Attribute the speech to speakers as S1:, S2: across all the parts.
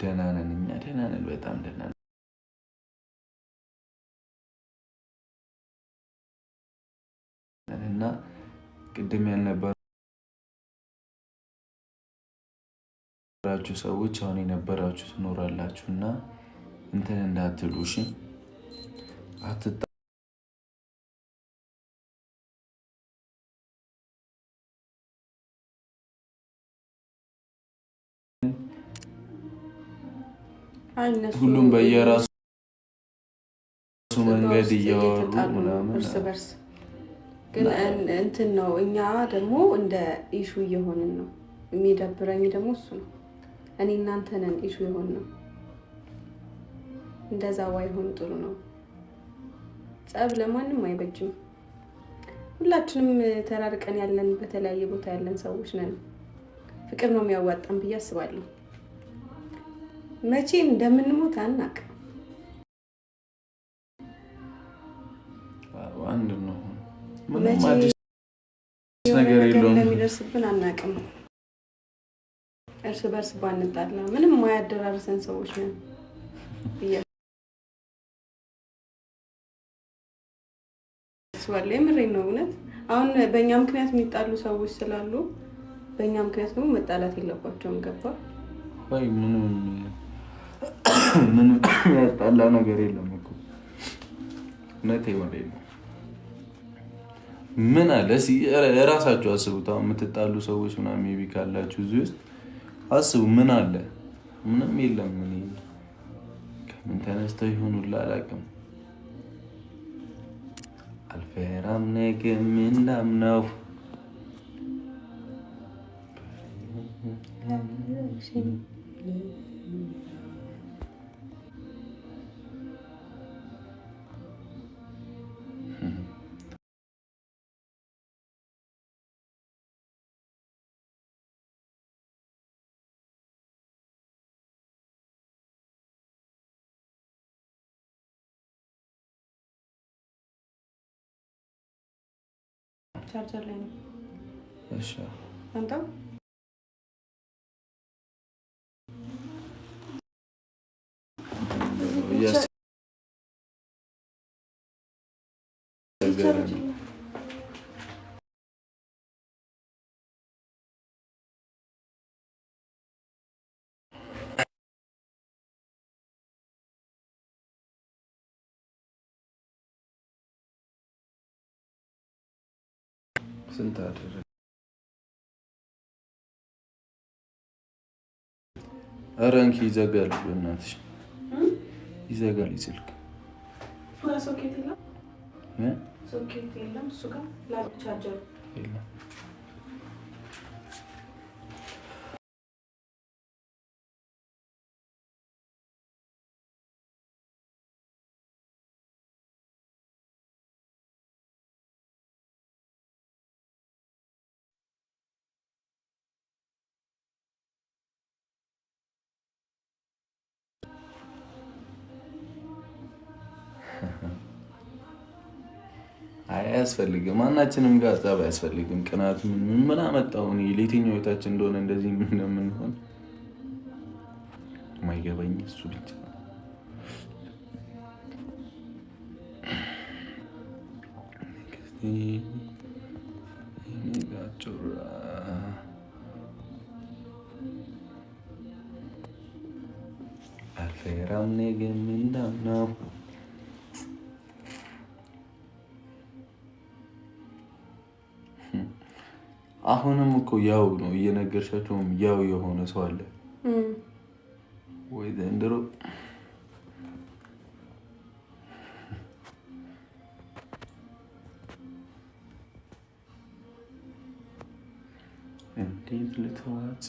S1: ደህና ነን እኛ ደህና ነን፣ በጣም ደህና ነን። እና ቅድም ያልነበራችሁ ሰዎች አሁን የነበራችሁ ትኖራላችሁ እና እንትን እንዳትሉ እሺ። ሁሉም በየራሱ መንገድ እያወሩ ምናምን እርስ በርስ
S2: ግን እንትን ነው። እኛ ደግሞ እንደ ኢሹ እየሆንን ነው። የሚደብረኝ ደግሞ እሱ ነው። እኔ እናንተ ነን ኢሹ የሆን ነው። እንደዛ ባይሆን ጥሩ ነው። ጸብ ለማንም አይበጅም። ሁላችንም ተራርቀን ያለን በተለያየ ቦታ ያለን ሰዎች ነን። ፍቅር ነው የሚያዋጣን ብዬ አስባለሁ። መቼ እንደምንሞት አናውቅም። አንድ ነው። ምንም አዲስ ነገር የለውም። እንደሚደርስብን አናውቅም። እርስ በርስ ባንጣላ ምንም ማያደራርሰን ሰዎች ነን። የምሬን ነው እውነት። አሁን በእኛ ምክንያት የሚጣሉ ሰዎች ስላሉ በእኛ ምክንያት ደግሞ መጣላት የለባቸውም። ገባ
S1: ወይ ምንም ምንም ያጣላ ነገር የለም እኮ እውነት ወደ ነው። ምን አለ እራሳችሁ አስቡት። አሁን የምትጣሉ ሰዎች ምናምን ቢ ካላችሁ እዚህ ውስጥ አስቡ። ምን አለ? ምንም የለም። ምን ከምን ተነስተው ይሆኑላ አላውቅም። አልፈራም ነገ ምን ነው
S2: चार्जर लेना अच्छा अंता यस
S1: ስንት አደረግ ኧረ እንኪ ይዘጋል፣ በእናትሽ ይዘጋል። ይስልክ
S2: ሶኬት የለም፣ ሶኬት የለም፣ እሱ ጋር ቻርጀር የለም።
S1: አያስፈልግም። ማናችንም ጋር ሀሳብ አያስፈልግም። ቅናት ምን ምን አመጣው? እኔ ለየትኛው ቤታችን እንደሆነ እንደዚህ ምን እንደምንሆን ማይገባኝ እሱ ብቻ። ጨረስኩ አሁንም እኮ ያው ነው እየነገርሻቸውም ያው የሆነ ሰው አለ ወይ ዘንድሮ እንዴት ልተዋት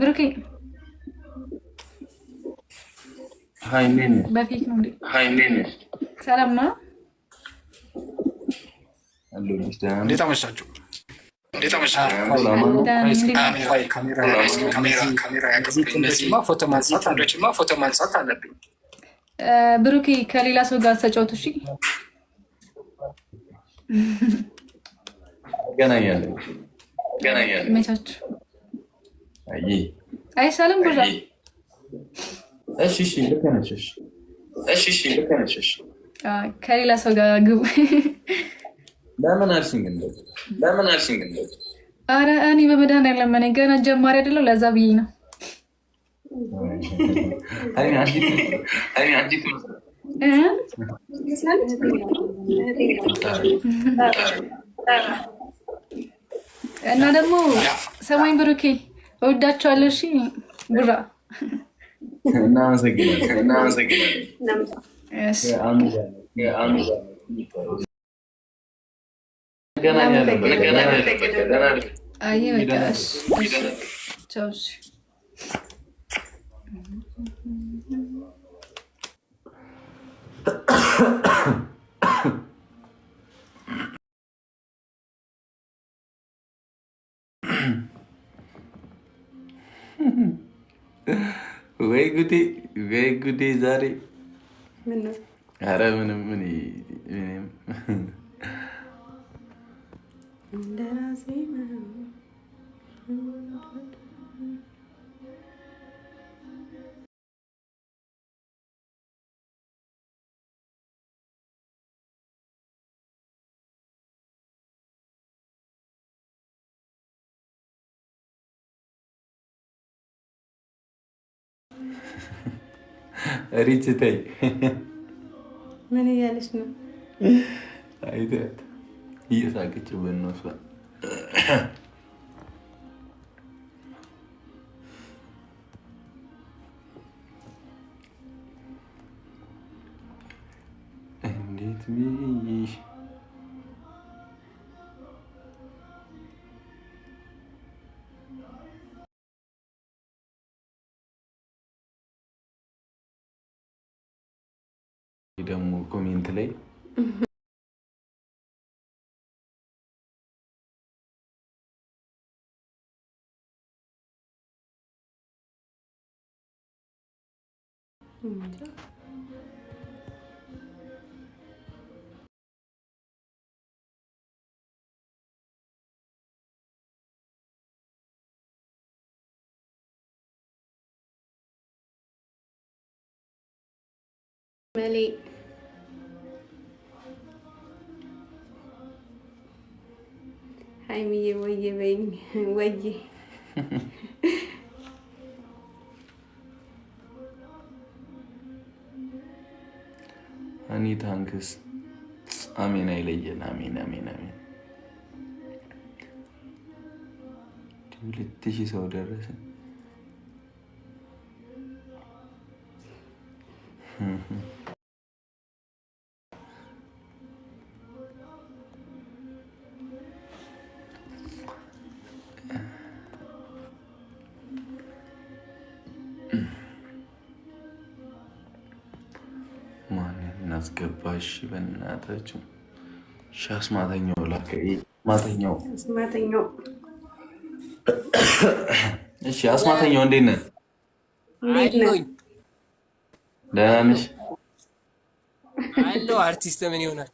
S2: ብሩኬ ማንሳት አለብኝ። ብሩኬ ከሌላ ሰው ጋር ተጫወቱ። እሺ
S1: ገናኛለሁ። ገናኛለሁ።
S2: አይሻልም? ከሌላ ሰው ጋር ግቡ።
S1: ለምን አልሽኝ? ለምን አልሽኝ?
S2: አረ እኔ በመድኃኒዓለም እኔ ገና ጀማሪ አይደለሁ። ለዛ ብዬ ነው። እና ደግሞ ሰማኝ ብሩኬ እወዳቸዋለሁ። እሺ ቡራ
S1: እናመሰግናለን። እናመሰግናለን። ወይ ጉዴ ወይ ጉዴ! ዛሬ ኧረ ምንም ምን እንደራሴ ሪች ተይ።
S2: ምን እያለች ነው?
S1: አይተህ እየሳቅች በእነሱ እንዴት ብዬሽ ደግሞ ኮሜንት ላይ
S2: Really? ሀይሚዬ ወዬ በይኝ ወዬ
S1: እኔ ታንክስ አሜን። አይለየን። አሜን አሜን አሜን። ሁለት ሺህ ሰው ደረሰ። አስገባሽ በእናታችን ሻስ ማተኛው ላከ ማተኛው እሺ አስማተኛው እንዴት ነህ ደህና ነሽ
S3: አለው አርቲስት ምን ይሆናል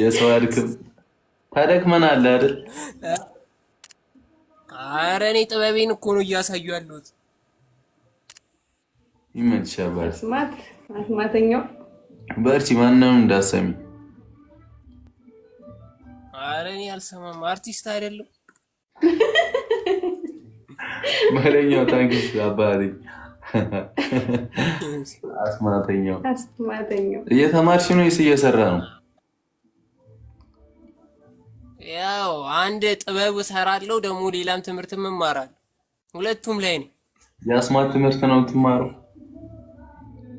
S1: የሰው አልክም አለ አይደል
S3: አረ እኔ ጥበቤን እኮ ነው እያሳዩ ያለሁት
S1: ይመችሻል።
S2: በአርማት አስማተኛው
S1: በርቺ፣ ማንም እንዳሰሚ።
S3: አልሰማም፣ አርቲስት አይደለም
S1: መለኛው። አባሪ
S2: አስማተኛው።
S1: እየተማርሽ ነው ወይስ እየሰራ ነው?
S3: ያው አንድ ጥበብ እሰራለሁ፣ ደግሞ ሌላም ትምህርትም እማራለሁ። ሁለቱም ላይ ነው።
S1: የአስማት ትምህርት ነው የምትማረው?